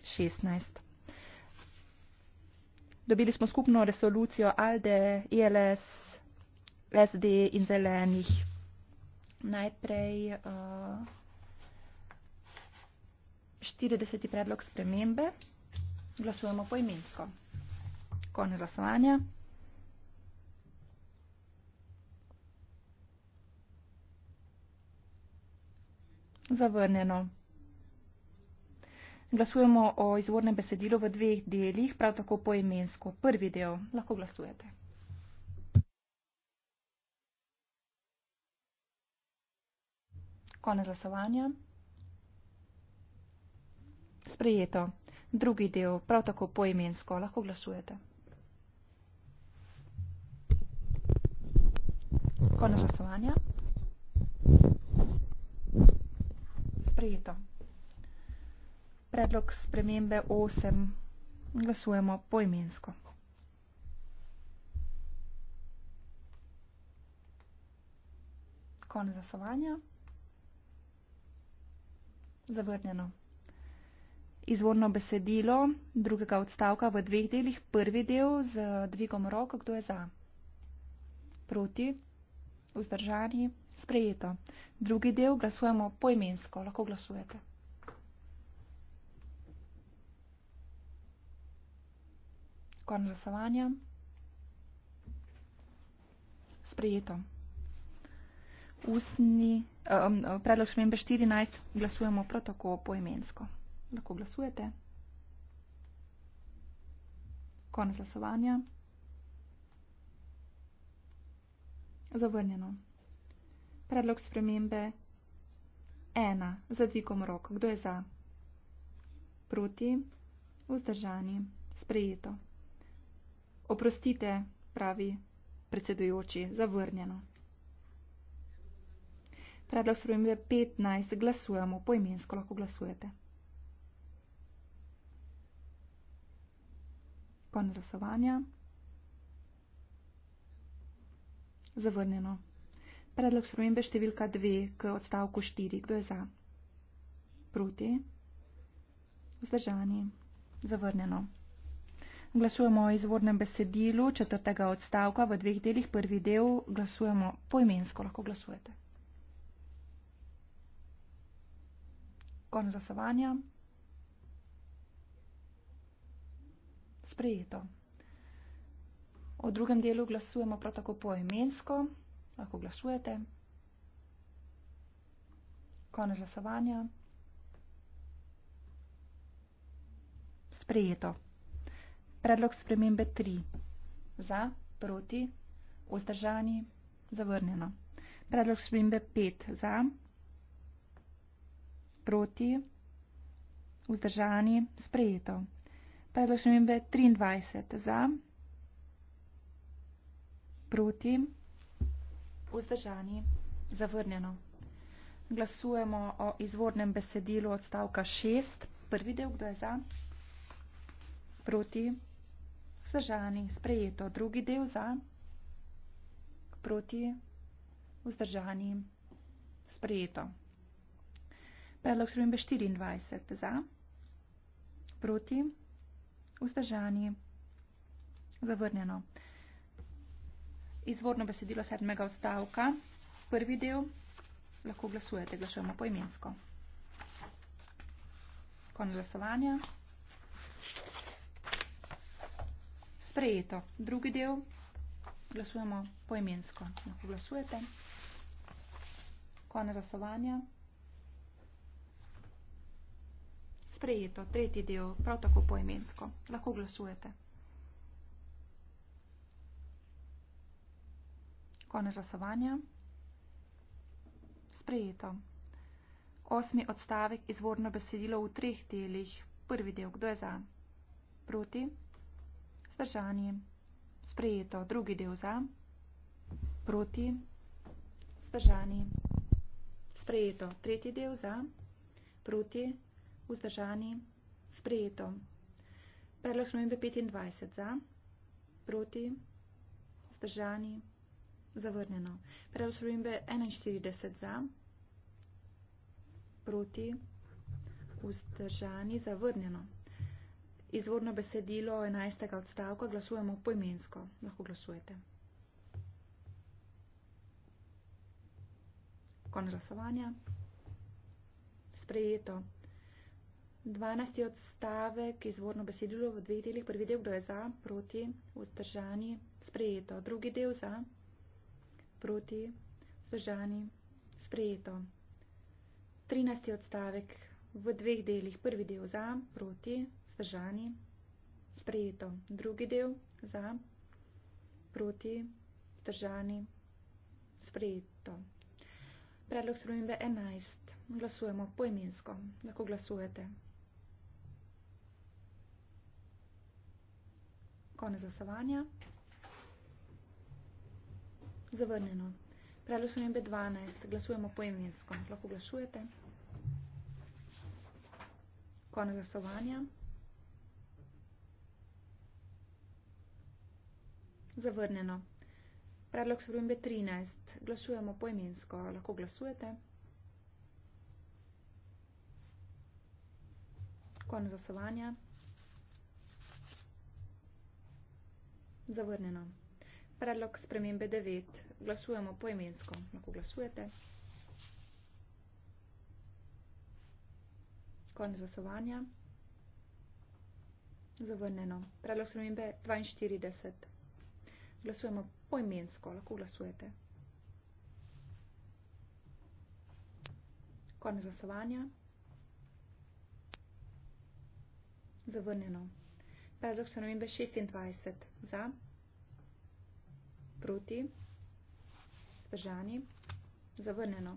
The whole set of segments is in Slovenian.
2016. Dobili smo skupno resolucijo ALDE, ILS, SD in zelenih. Najprej uh, eh, 40. predlog spremembe. Glasujemo poimensko. Konec glasovanja. Zavrnjeno. Glasujemo o izvornem besedilu v dveh delih, prav tako poimensko. Prvi del lahko glasujete. Konec glasovanja. Sprejeto. Drugi del, prav tako poimensko, lahko glasujete. Konec glasovanja. Sprejeto predlog spremembe 8. Glasujemo poimensko. Konec glasovanja. Zavrnjeno. Izvorno besedilo drugega odstavka v dveh delih. Prvi del z dvigom roko, kdo je za. Proti. Vzdržani. Sprejeto. Drugi del glasujemo poimensko. Lahko glasujete. konč glasovanja. Sprejeto. Ustni, um, predlog šmembe 14 glasujemo prav tako poemensko. Lahko glasujete. Konec glasovanja. Zavrnjeno. Predlog spremembe 1. Zadvigom rok. Kdo je za? Proti. Vzdržani. Sprejeto. Oprostite, pravi predsedujoči, zavrnjeno. Predlog spremembe 15 glasujemo, poimensko lahko glasujete. Konec glasovanja. Zavrnjeno. Predlog spremembe številka 2 k odstavku 4. Kdo je za? Proti? Vzdržani. Zavrnjeno. Glasujemo o izvornem besedilu četrtega odstavka v dveh delih. Prvi del glasujemo poimensko, lahko glasujete. Kon zasavanja. Sprejeto. O drugem delu glasujemo prav tako poimensko, lahko glasujete. Konec glasovanja. Sprejeto. Predlog spremembe 3. Za, proti, vzdržani, zavrnjeno. Predlog spremembe 5. Za, proti, vzdržani, sprejeto. Predlog spremembe 23. Za, proti, vzdržani, zavrnjeno. Glasujemo o izvornem besedilu odstavka 6. Prvi del, kdo je za? Proti vzdržani, sprejeto. Drugi del za, proti, vzdržani, sprejeto. Predlog spremembe 24 za, proti, vzdržani, zavrnjeno. Izvorno besedilo sedmega odstavka, prvi del, lahko glasujete, glasujemo poimensko. Konec glasovanja. sprejeto. Drugi del glasujemo poimensko. Lahko glasujete. Konec glasovanja. Sprejeto. Tretji del prav tako poimensko. Lahko glasujete. Konec glasovanja. Sprejeto. Osmi odstavek izvorno besedilo v treh delih. Prvi del. Kdo je za? Proti? vzdržani. Sprejeto. Drugi del za. Proti. Vzdržani. Sprejeto. Tretji del za. Proti. Vzdržani. Sprejeto. Predlog novembe 25 za. Proti. Vzdržani. Zavrnjeno. Predlog novembe 41 za. Proti. Vzdržani. Zavrnjeno. Izvorno besedilo 11. odstavka glasujemo poimensko. Lahko glasujete. Konec glasovanja. Sprejeto. 12. odstavek izvorno besedilo v dveh delih. Prvi del, kdo je za, proti, vzdržani, sprejeto. Drugi del za, proti, vzdržani, sprejeto. 13. odstavek v dveh delih. Prvi del za, proti, zdržani, sprejeto. Drugi del za, proti, zdržani, sprejeto. Predlog spremembe 11. Glasujemo poimensko. Lahko glasujete. Konec zasavanja. Zavrnjeno. Predlog spremembe 12. Glasujemo poimensko. Lahko glasujete. Konec zasavanja. Konec zasavanja. Zavrnjeno. Predlog spremembe 13. Glasujemo poimensko. Lahko glasujete. Konec glasovanja. Zavrnjeno. Predlog spremembe 9. Glasujemo poimensko. Lahko glasujete. Konec glasovanja. Zavrnjeno. Predlog spremembe 42. Glasujemo poimensko, lahko glasujete. Konec glasovanja. Zavrnjeno. Predlog se namembe 26. Za. Proti. Zdržani. Zavrnjeno.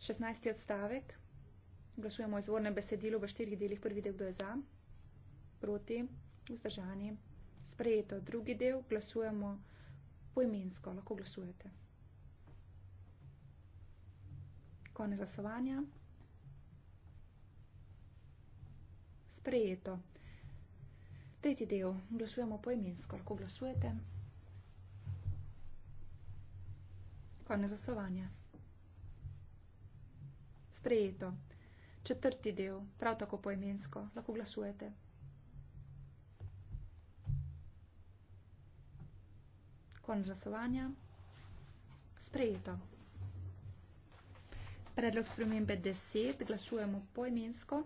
16. odstavek. Glasujemo izvorne besedilo v štirih delih. Prvi del, kdo je za. Proti. Vzdržani. Zdržani sprejeto. Drugi del glasujemo poimensko, lahko glasujete. Konec glasovanja. Sprejeto. Tretji del glasujemo poimensko, lahko glasujete. Konec glasovanja. Sprejeto. Četrti del, prav tako poimensko, lahko glasujete. Konč glasovanja. Sprejeto. Predlog spremembe 10. Glasujemo poimensko.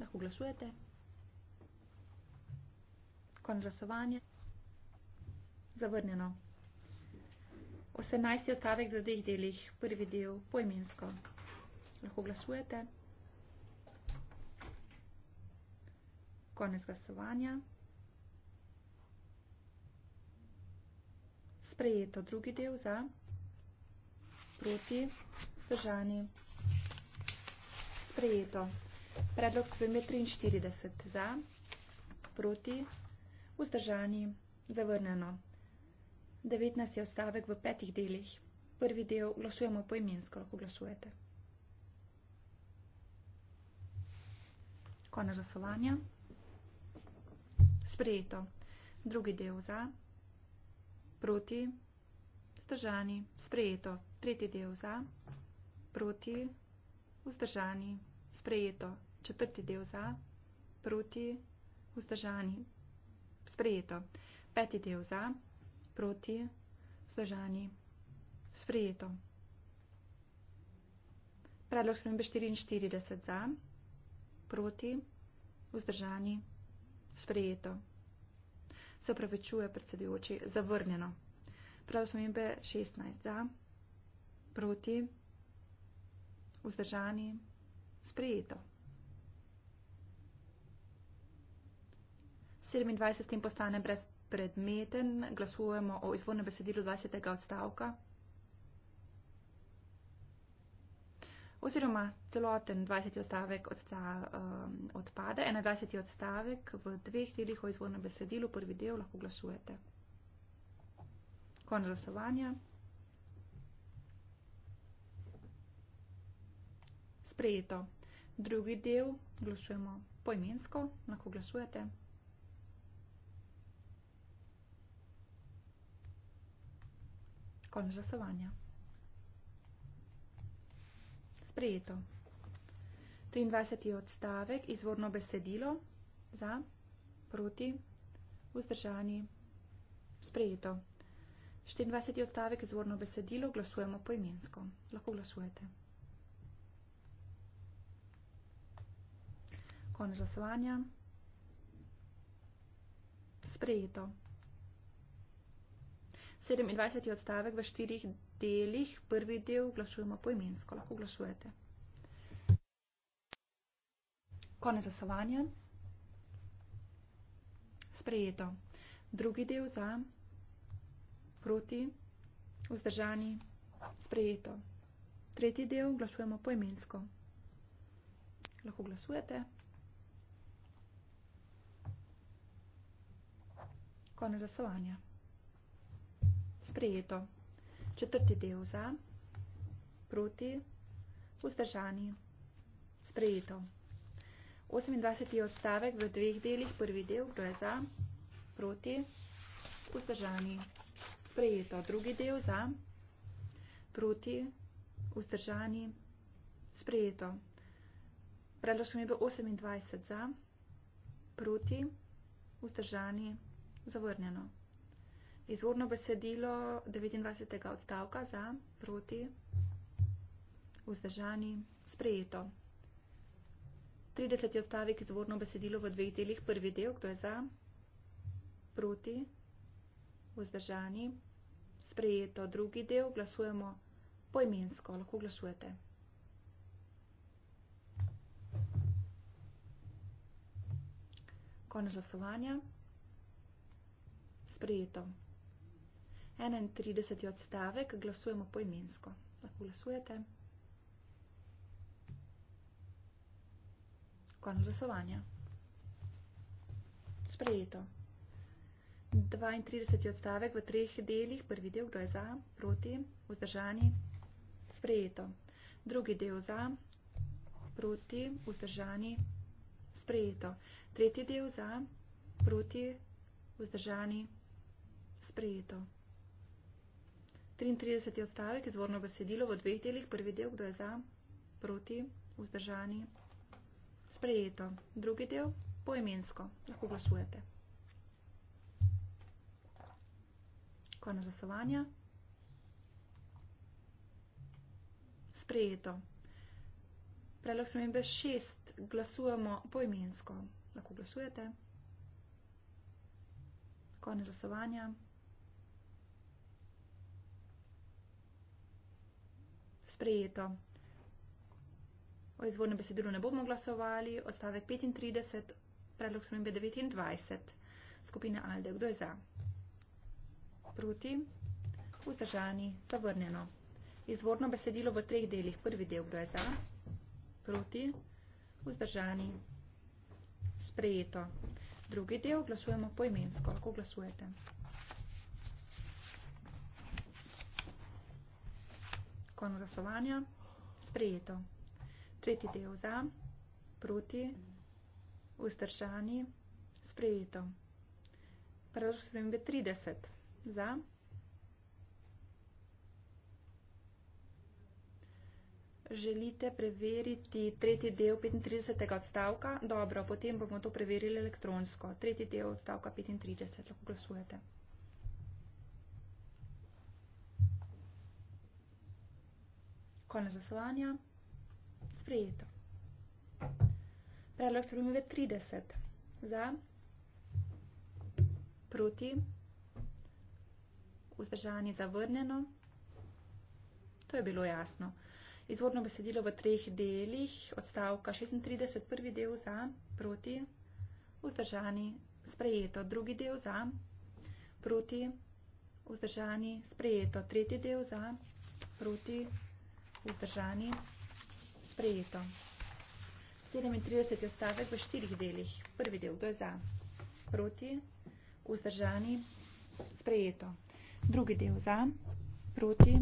Lahko glasujete. Konč glasovanja. Zavrnjeno. 18. ostavek v dveh delih. Prvi del poimensko. Lahko glasujete. Konec glasovanja. sprejeto. Drugi del za, proti, vzdržani, sprejeto. Predlog spremlje 43 za, proti, vzdržani, zavrneno. 19 je ostavek v petih delih. Prvi del glasujemo poimensko, lahko glasujete. Konec glasovanja. Sprejeto. Drugi del za proti, vzdržani, sprejeto, tretji del za, proti, vzdržani, sprejeto, četrti del za, proti, vzdržani, sprejeto, peti del za, proti, vzdržani, sprejeto. Predlog spremembe 44 za, proti, vzdržani, sprejeto se opravičuje predsedujoči zavrnjeno. Prav spomembe 16 za, proti, vzdržani, sprejeto. 27. postane brezpredmeten, glasujemo o izvornem besedilu 20. odstavka. oziroma celoten 20 odstavek odsta, um, odpade, 21 odstavek v dveh delih o izvornem besedilu, prvi del lahko glasujete. Konec glasovanja. Sprejeto. Drugi del glasujemo poimensko, lahko glasujete. Konec glasovanja sprejeto. 23. odstavek, izvorno besedilo, za, proti, vzdržani, sprejeto. 24. odstavek, izvorno besedilo, glasujemo poimensko. Lahko glasujete. Konec glasovanja. Sprejeto. 27. odstavek v štirih delih, prvi del glasujemo poimensko, lahko glasujete. Konec zasovanja. Sprejeto. Drugi del za, proti, vzdržani, sprejeto. Tretji del glasujemo poimensko. Lahko glasujete. Konec zasovanja. Sprejeto četrti del za, proti, vzdržani, sprejeto. 28. odstavek v dveh delih, prvi del, kdo je za, proti, vzdržani, sprejeto. Drugi del za, proti, vzdržani, sprejeto. Predložen je bil 28 za, proti, vzdržani, zavrnjeno izvorno besedilo 29. odstavka za proti vzdržani sprejeto. 30. odstavek izvorno besedilo v dveh delih. Prvi del, kdo je za proti vzdržani sprejeto. Drugi del, glasujemo poimensko, lahko glasujete. Konec glasovanja. Sprejeto. 31. odstavek, glasujemo poimensko. Lahko glasujete. Konec glasovanja. Sprejeto. 32. odstavek v treh delih, prvi del, kdo je za, proti, vzdržani, sprejeto. Drugi del za, proti, vzdržani, sprejeto. Tretji del za, proti, vzdržani, sprejeto. 33. odstavek, izvorno besedilo v dveh delih, prvi del, kdo je za, proti, vzdržani, sprejeto, drugi del, poimensko, lahko glasujete. Konec glasovanja. Sprejeto. Predlog spremembe 6. Glasujemo poimensko. Lahko glasujete. Konec glasovanja. sprejeto. O izvornem besedilu ne bomo glasovali. Odstavek 35, predlog smembe 29. Skupina Alde, kdo je za? Proti? Vzdržani? Zavrnjeno. Izvorno besedilo v treh delih. Prvi del, kdo je za? Proti? Vzdržani? Sprejeto. Drugi del glasujemo poimensko, ako glasujete. zakon glasovanja. Sprejeto. Tretji del za, proti, vzdržani. Sprejeto. Predlog spremembe 30. Za. Želite preveriti tretji del 35. odstavka? Dobro, potem bomo to preverili elektronsko. Tretji del odstavka 35. Lahko glasujete. konec zaslovanja, sprejeto. Predlog spremljive 30 za, proti, vzdržanje zavrnjeno. To je bilo jasno. Izvorno besedilo v treh delih, odstavka 36, prvi del za, proti, vzdržani, sprejeto, drugi del za, proti, vzdržani, sprejeto, tretji del za, proti, vzdržani vzdržani, sprejeto. 37 je ostavek v štirih delih. Prvi del, kdo je za, proti, vzdržani, sprejeto. Drugi del za, proti,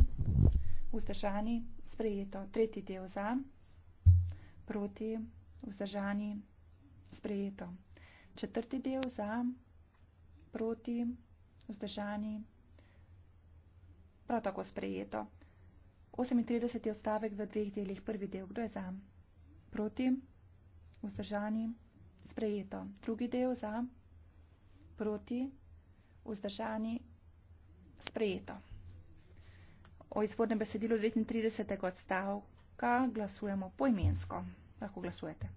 vzdržani, sprejeto. Tretji del za, proti, vzdržani, sprejeto. Četrti del za, proti, vzdržani, prav tako sprejeto. 38. odstavek v dveh delih. Prvi del, kdo je za? Proti? Vzdržani? Sprejeto. Drugi del za? Proti? Vzdržani? Sprejeto. O izvornem besedilu 39. odstavka glasujemo poimensko. Lahko glasujete.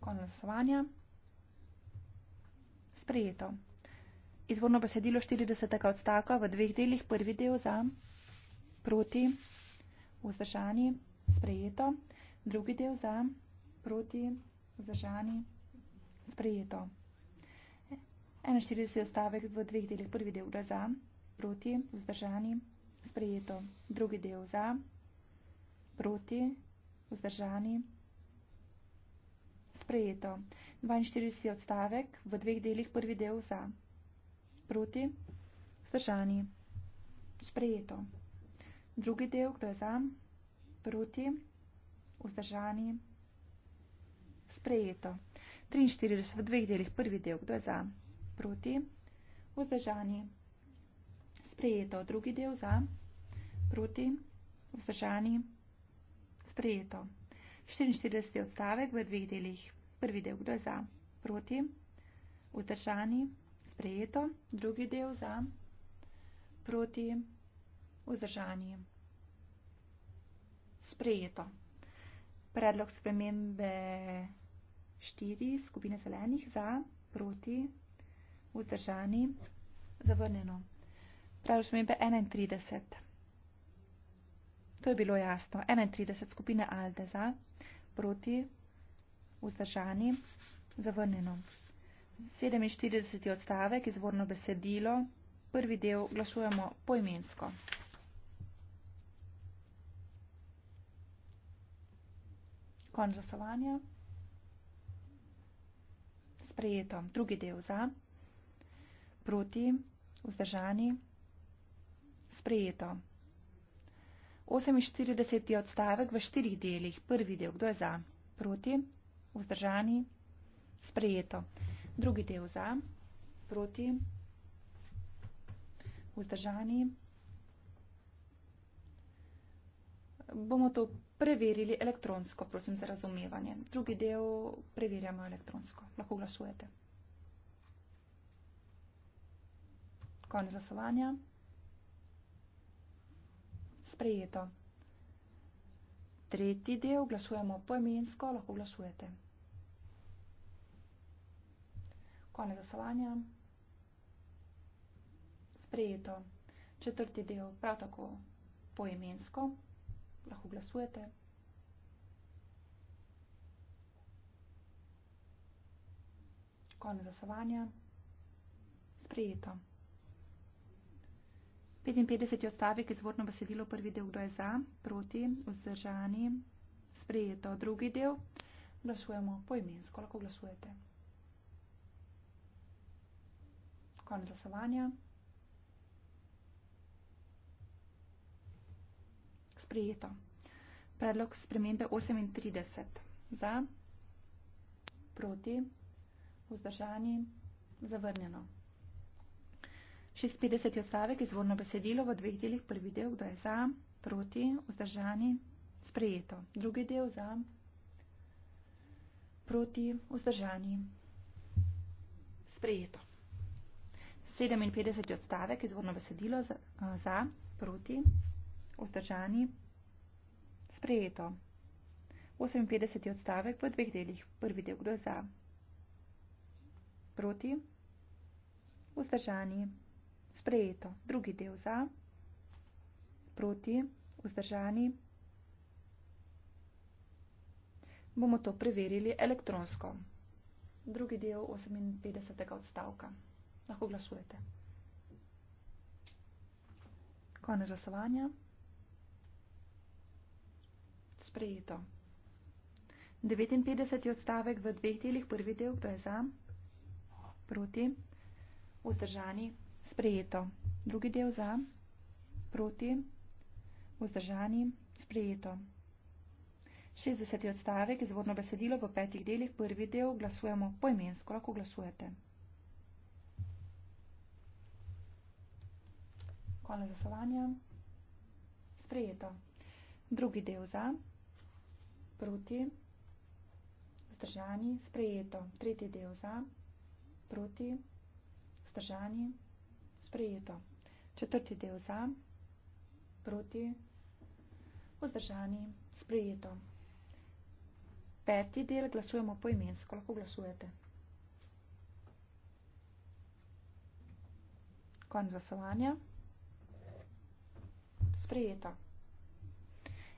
Konec glasovanja. Sprejeto. Izvorno besedilo 40. odstaka v dveh delih, prvi del za, proti, vzdržani, sprejeto, drugi del za, proti, vzdržani, sprejeto. 41. odstavek v dveh delih, prvi del za, proti, vzdržani, sprejeto, drugi del za, proti, vzdržani, sprejeto. 42. odstavek v dveh delih, prvi del za, proti, vzdržani, sprejeto. Proti? Vzdržani. Sprejeto. Drugi del, kdo je za? Proti? Vzdržani. Sprejeto. 43 v dveh delih. Prvi del, kdo je za? Proti? Vzdržani. Sprejeto. Drugi del za? Proti? Vzdržani. Sprejeto. 44 odstavek v dveh delih. Prvi del, kdo je za? Proti? Vzdržani. Sprejeto sprejeto, drugi del za proti vzdržanji. Sprejeto. Predlog spremembe štiri skupine zelenih za proti vzdržanji zavrnjeno. Predlog spremembe 31. To je bilo jasno. 31 skupine ALDE za proti vzdržanji zavrnjeno. 47. odstavek, izvorno besedilo, prvi del glasujemo poimensko. Konč glasovanja. Sprejeto. Drugi del za. Proti. Vzdržani. Sprejeto. 48. odstavek v štirih delih. Prvi del. Kdo je za? Proti. Vzdržani. Sprejeto drugi del za, proti, vzdržani. Bomo to preverili elektronsko, prosim za razumevanje. Drugi del preverjamo elektronsko, lahko glasujete. Konec glasovanja. Sprejeto. Tretji del glasujemo poemensko, lahko glasujete. Konec glasovanja. Sprejeto. Četrti del, prav tako poimensko, lahko glasujete. Konec glasovanja. Sprejeto. 55. odstavek izvorno besedilo, prvi del, kdo je za, proti, vzdržani. Sprejeto. Drugi del, glasujemo poimensko, lahko glasujete. konec glasovanja. Sprejeto. Predlog spremembe 38. Za, proti, vzdržani, zavrnjeno. 56. odstavek izvorno besedilo v dveh delih. Prvi del, kdo je za, proti, vzdržani, sprejeto. Drugi del za, proti, vzdržani, sprejeto. 57 odstavek, izvorno besedilo za, za proti, vzdržani, sprejeto. 58 odstavek v dveh delih, prvi del kdo za, proti, vzdržani, sprejeto. Drugi del za, proti, vzdržani. Bomo to preverili elektronsko. Drugi del 58. odstavka lahko glasujete. Konec glasovanja. Sprejeto. 59 odstavek v dveh delih, prvi del, kdo je za, proti, vzdržani, sprejeto. Drugi del za, proti, vzdržani, sprejeto. 60 odstavek, izvorno besedilo v petih delih, prvi del, glasujemo poimensko, lahko glasujete. Hvala za sovanje. Sprejeto. Drugi del za. Proti. Vzdržani. Sprejeto. Tretji del za. Proti. Vzdržani. Sprejeto. Četrti del za. Proti. Vzdržani. Sprejeto. Peti del glasujemo poimensko. Lahko glasujete. Konec zasovanja sprejeto.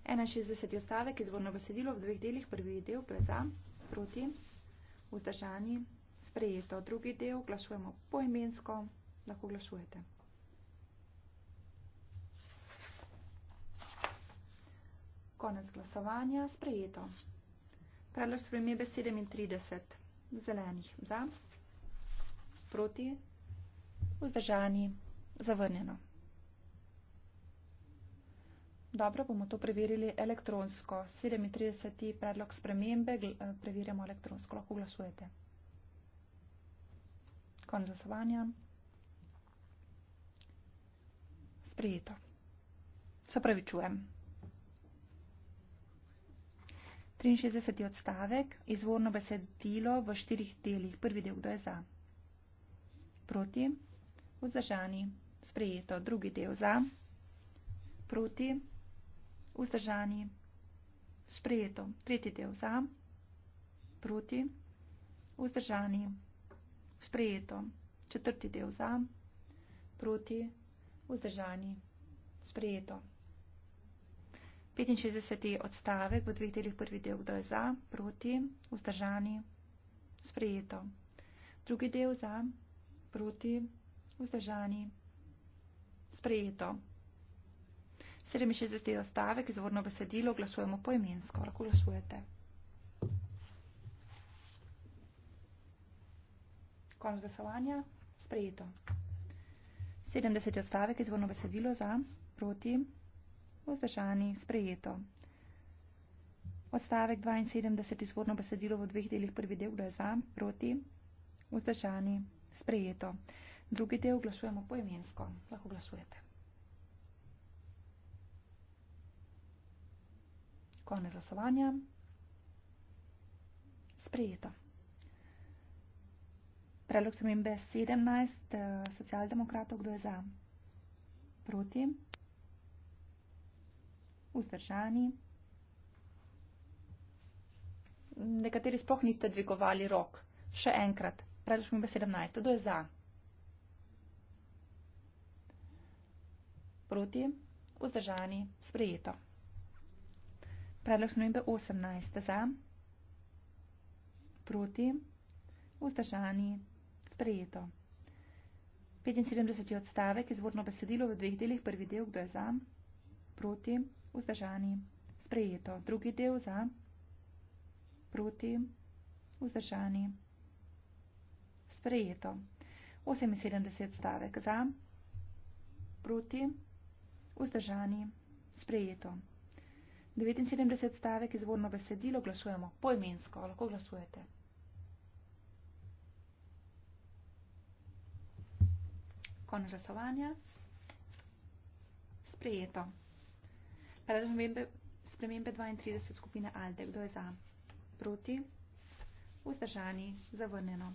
61. stavek izvorno besedilo v dveh delih, prvi del preza, proti, vzdržani, sprejeto. Drugi del glašujemo poimensko, lahko glašujete. Konec glasovanja, sprejeto. Predlog spremembe 37. Zelenih za, proti, vzdržani, zavrnjeno. Dobro, bomo to preverili elektronsko. 37. predlog spremembe eh, preverjamo elektronsko. Lahko glasujete. Konec glasovanja. Sprejeto. Se pravi, čujem. 63. odstavek. Izvorno besedilo v štirih delih. Prvi del, kdo je za? Proti. Vzdržani. Sprejeto. Drugi del za. Proti. Proti vzdržani, sprejeto. Tretji del za, proti, vzdržani, sprejeto. Četrti del za, proti, vzdržani, sprejeto. 65. odstavek v dveh delih prvi del, kdo je za, proti, vzdržani, sprejeto. Drugi del za, proti, vzdržani, sprejeto. 67. stavek, izvorno besedilo, glasujemo poimensko. Lahko glasujete. Konc glasovanja. Sprejeto. 70. stavek, izvorno besedilo za, proti, vzdržani, sprejeto. Odstavek 72, izvorno besedilo v dveh delih, prvi del gre za, proti, vzdržani, sprejeto. Drugi del glasujemo poimensko. Lahko glasujete. Konec glasovanja. Sprejeto. Predlog spremembe 17 eh, socialdemokratov, kdo je za? Proti? Vzdržani? Nekateri sploh niste dvigovali rok. Še enkrat. Predlog spremembe 17, kdo je za? Proti? Vzdržani? Sprejeto. Predlog spremembe 18. Za, proti, vzdržani, sprejeto. 75. odstavek, izvorno besedilo v dveh delih, prvi del, kdo je za, proti, vzdržani, sprejeto. Drugi del za, proti, vzdržani, sprejeto. 78. odstavek, za, proti, vzdržani, sprejeto. 79 stavek izvorno besedilo glasujemo poimensko, lahko glasujete. Konec glasovanja. Sprejeto. Predlog spremembe, spremembe 32 skupine ALDE. Kdo je za? Proti? Vzdržani? Zavrnjeno.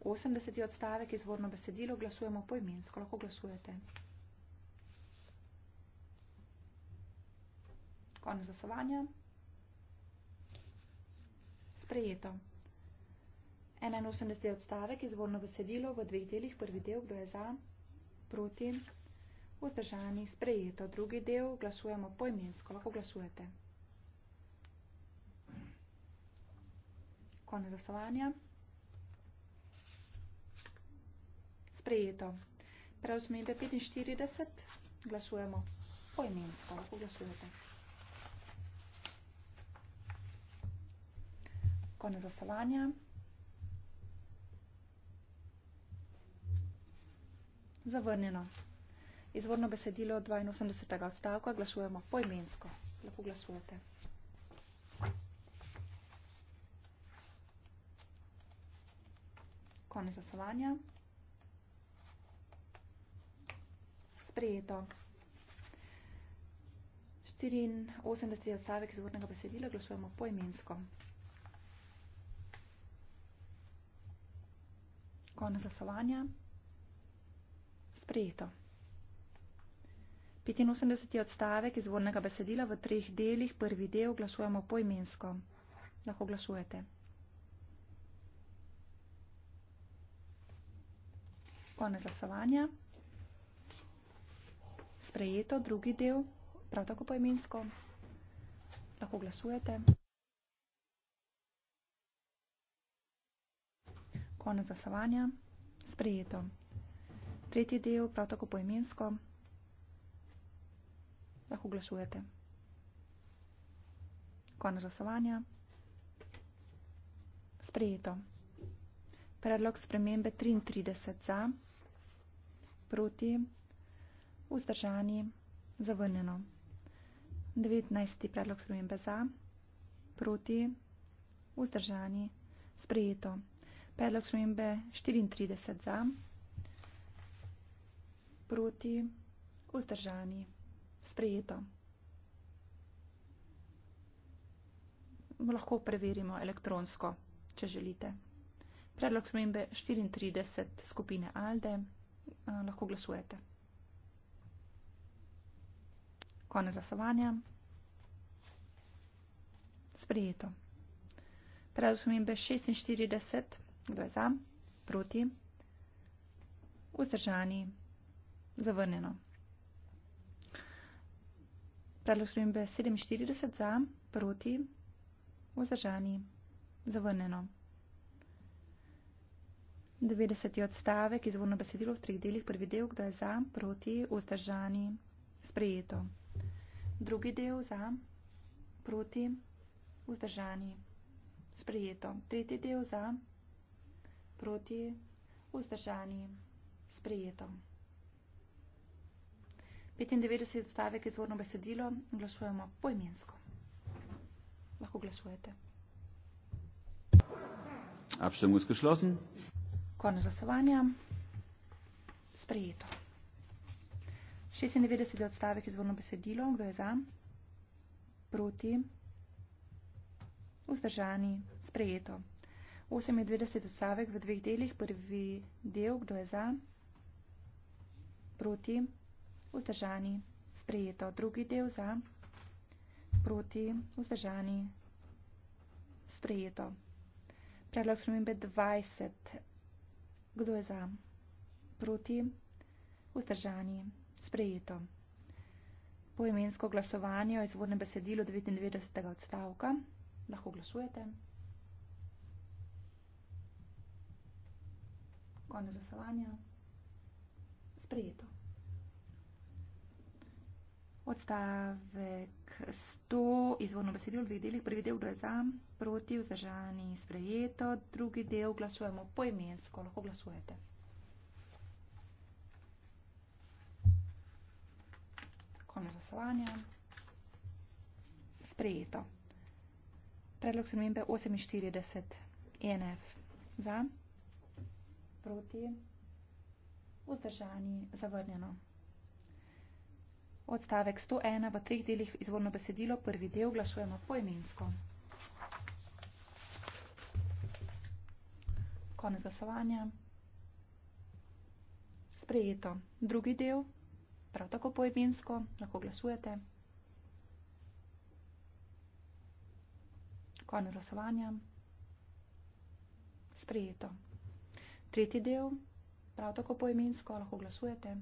80. odstavek izvorno besedilo glasujemo poimensko, lahko glasujete. Konec glasovanja. Sprejeto. 81. odstavek je zvorno besedilo v dveh delih. Prvi del, kdo je za, proti, vzdržani, sprejeto. Drugi del, glasujemo poimensko. Lahko glasujete. Konec glasovanja. Sprejeto. Preusmerite 45, glasujemo poimensko. Lahko glasujete. konec zastavanja. Zavrnjeno. Izvorno besedilo 82. stavka glasujemo poimensko. Lepo glasujete. Konec zastavanja. Sprejeto. 84. stavek izvornega besedila glasujemo poimensko. imensko. Konec glasovanja. Sprejeto. 85. odstavek izvornega besedila v treh delih, prvi del glasujemo poimensko. Lahko glasujete. Konec glasovanja. Sprejeto, drugi del, prav tako poimensko. Lahko glasujete. konec glasovanja, sprejeto. Tretji del, prav tako poimensko, lahko oglašujete. Konec glasovanja, sprejeto. Predlog spremembe 33 za, proti, vzdržani, zavrnjeno. 19. predlog spremembe za, proti, vzdržani, sprejeto. Predlog spremembe 34 za, proti, vzdržani, sprejeto. Lahko preverimo elektronsko, če želite. Predlog spremembe 34 skupine ALDE eh, lahko glasujete. Konec glasovanja. Sprejeto. Predlog spremembe 46. Kdo je za? Proti? Vzdržani? Zavrnjeno. Predlog spremembe 47 za, proti, vzdržani, zavrnjeno. 90. odstavek izvorno besedilo v treh delih. Prvi del, kdo je za, proti, vzdržani, sprejeto. Drugi del za, proti, vzdržani, sprejeto. Tretji del za, proti, vzdržani, sprejeto. 95 odstavek izvorno besedilo glasujemo poimensko. Lahko glasujete. Abstimmung ist geschlossen. Konec glasovanja. Sprejeto. 96. odstavek izvorno besedilo. Kdo je za? Proti. Vzdržani. Sprejeto. 98 stavek v dveh delih, prvi del, kdo je za, proti, vzdržani, sprejeto, drugi del za, proti, vzdržani, sprejeto. Predlog spremembe 20, kdo je za, proti, vzdržani, sprejeto. Poimensko glasovanje o izvornem besedilu 99. odstavka lahko glasujete. Konec glasovanja. Sprejeto. Odstavek 100, izvorno besedilo v dveh delih, prvi del gre za, proti, vzdržani, sprejeto, drugi del glasujemo poimensko, lahko glasujete. Konec glasovanja. Sprejeto. Predlog spremembe 48 e NF za proti, vzdržani, zavrnjeno. Odstavek 101 v treh delih izvorno besedilo, prvi del glašujemo poimensko. Konec glasovanja. Sprejeto. Drugi del, prav tako poimensko, lahko glasujete. Konec glasovanja. Sprejeto. Tretji del, prav tako poimensko, lahko glasujete.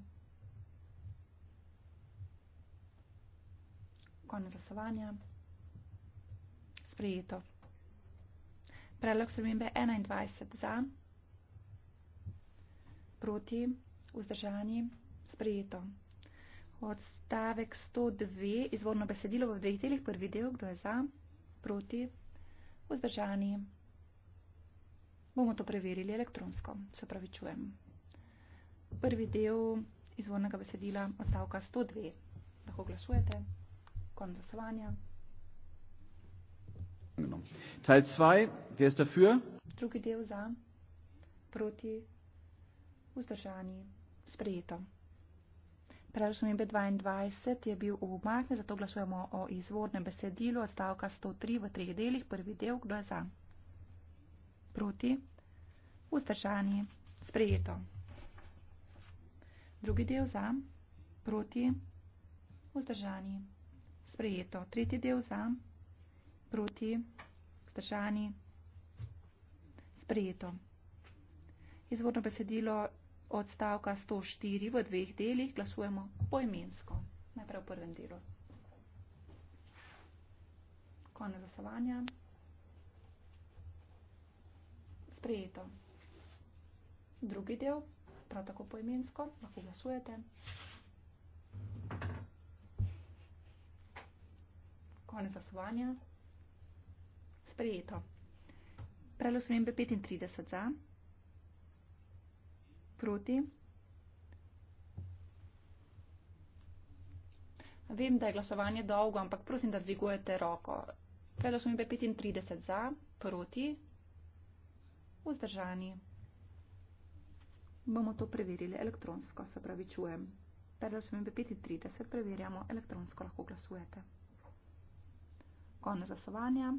Konec glasovanja. Sprejeto. Predlog spremembe 21 za, proti, vzdržani, sprejeto. Odstavek 102, izvorno besedilo v dveh delih, prvi del, kdo je za, proti, vzdržani, sprejeto bomo to preverili elektronsko. Se pravi, čujem. Prvi del izvornega besedila odstavka 102. Lahko glasujete. Konc glasovanja. Teil 2. Kdo je dafür? Drugi del za, proti, vzdržani, sprejeto. Prejšnji mb 22 je bil umaknjen, zato glasujemo o izvornem besedilu odstavka 103 v treh delih. Prvi del, kdo je za? Proti? Vzdržani. Sprejeto. Drugi del za? Proti? Vzdržani. Sprejeto. Tretji del za? Proti? Vzdržani. Sprejeto. Izvorno besedilo od stavka 104 v dveh delih glasujemo poimensko. Najprej v prvem delu. Konec zasavanja sprejeto. Drugi del, prav tako poimensko, lahko glasujete. Konec glasovanja. Sprejeto. Predlog spremembe 35 za, proti. Vem, da je glasovanje dolgo, ampak prosim, da dvigujete roko. Predlog spremembe 35 za, proti vzdržani. Bomo to preverili elektronsko, se pravi čujem. Predal sem imbe 35, preverjamo, elektronsko lahko glasujete. Konec zasovanja.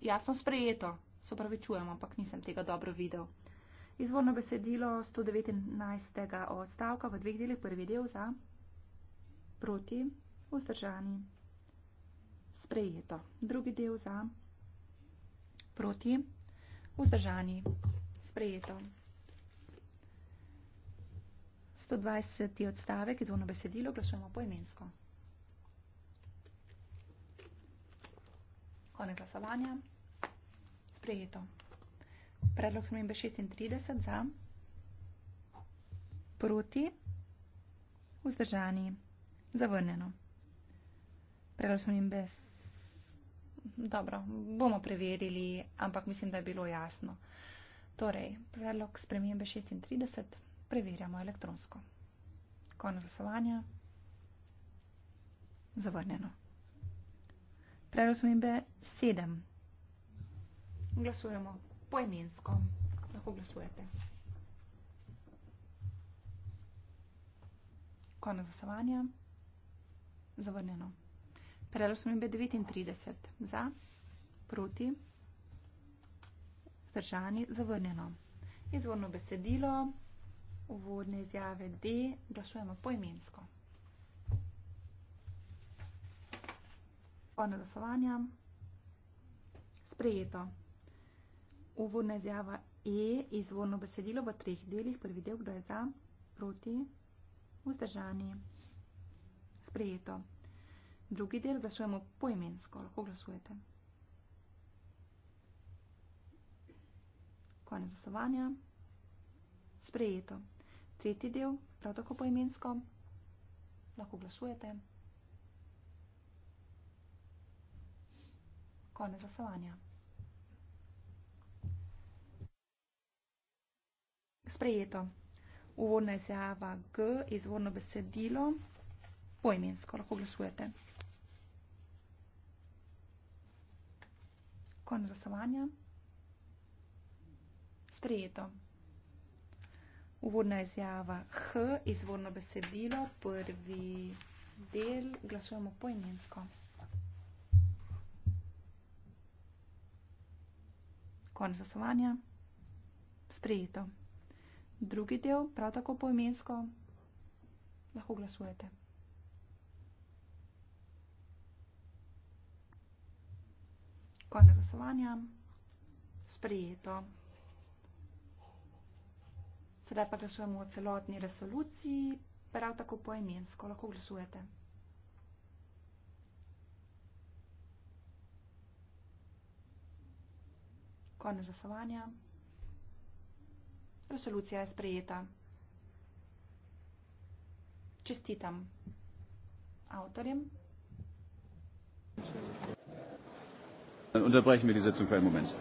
Jasno sprejeto, se pravi čujem, ampak nisem tega dobro videl. Izvorno besedilo 119. odstavka v dveh delih prvi del za proti vzdržani. Sprejeto. Drugi del za proti vzdržani. Proti. Vzdržani. Sprejeto. 120. odstavek je dvojno besedilo, glasujemo poimensko. Konec glasovanja. Sprejeto. Predlog smembe 36 za. Proti. Vzdržani. Zavrneno. Predlog smembe 36 dobro, bomo preverili, ampak mislim, da je bilo jasno. Torej, predlog spremembe 36 preverjamo elektronsko. Konec glasovanja. Zavrnjeno. Predlog spremembe 7. Glasujemo poimensko. Lahko glasujete. Konec glasovanja. Zavrnjeno. Predlog smo imeli 39 za, proti, zdržani, zavrnjeno. Izvorno besedilo, uvodne izjave D, glasujemo poimensko. Pone glasovanja, sprejeto. Uvodna izjava E, izvorno besedilo v treh delih, prvi del, kdo je za, proti, vzdržani, sprejeto. Drugi del glasujemo poimensko. Lahko glasujete. Konec zasovanja. Sprejeto. Tretji del, prav tako poimensko. Lahko glasujete. Konec zasovanja. Sprejeto. Uvodna izjava G, izvorno besedilo, poimensko, lahko glasujete. Konec glasovanja. Sprejeto. Uvodna izjava H, izvorno besedilo, prvi del, glasujemo poimensko. Konec glasovanja. Sprejeto. Drugi del, prav tako poimensko, lahko glasujete. glasovanja. Sprejeto. Sedaj pa glasujemo o celotni resoluciji, prav tako poemensko. Lahko glasujete. Konec glasovanja. Resolucija je sprejeta. Čestitam avtorjem dann unterbrechen wir die sitzung für einen moment.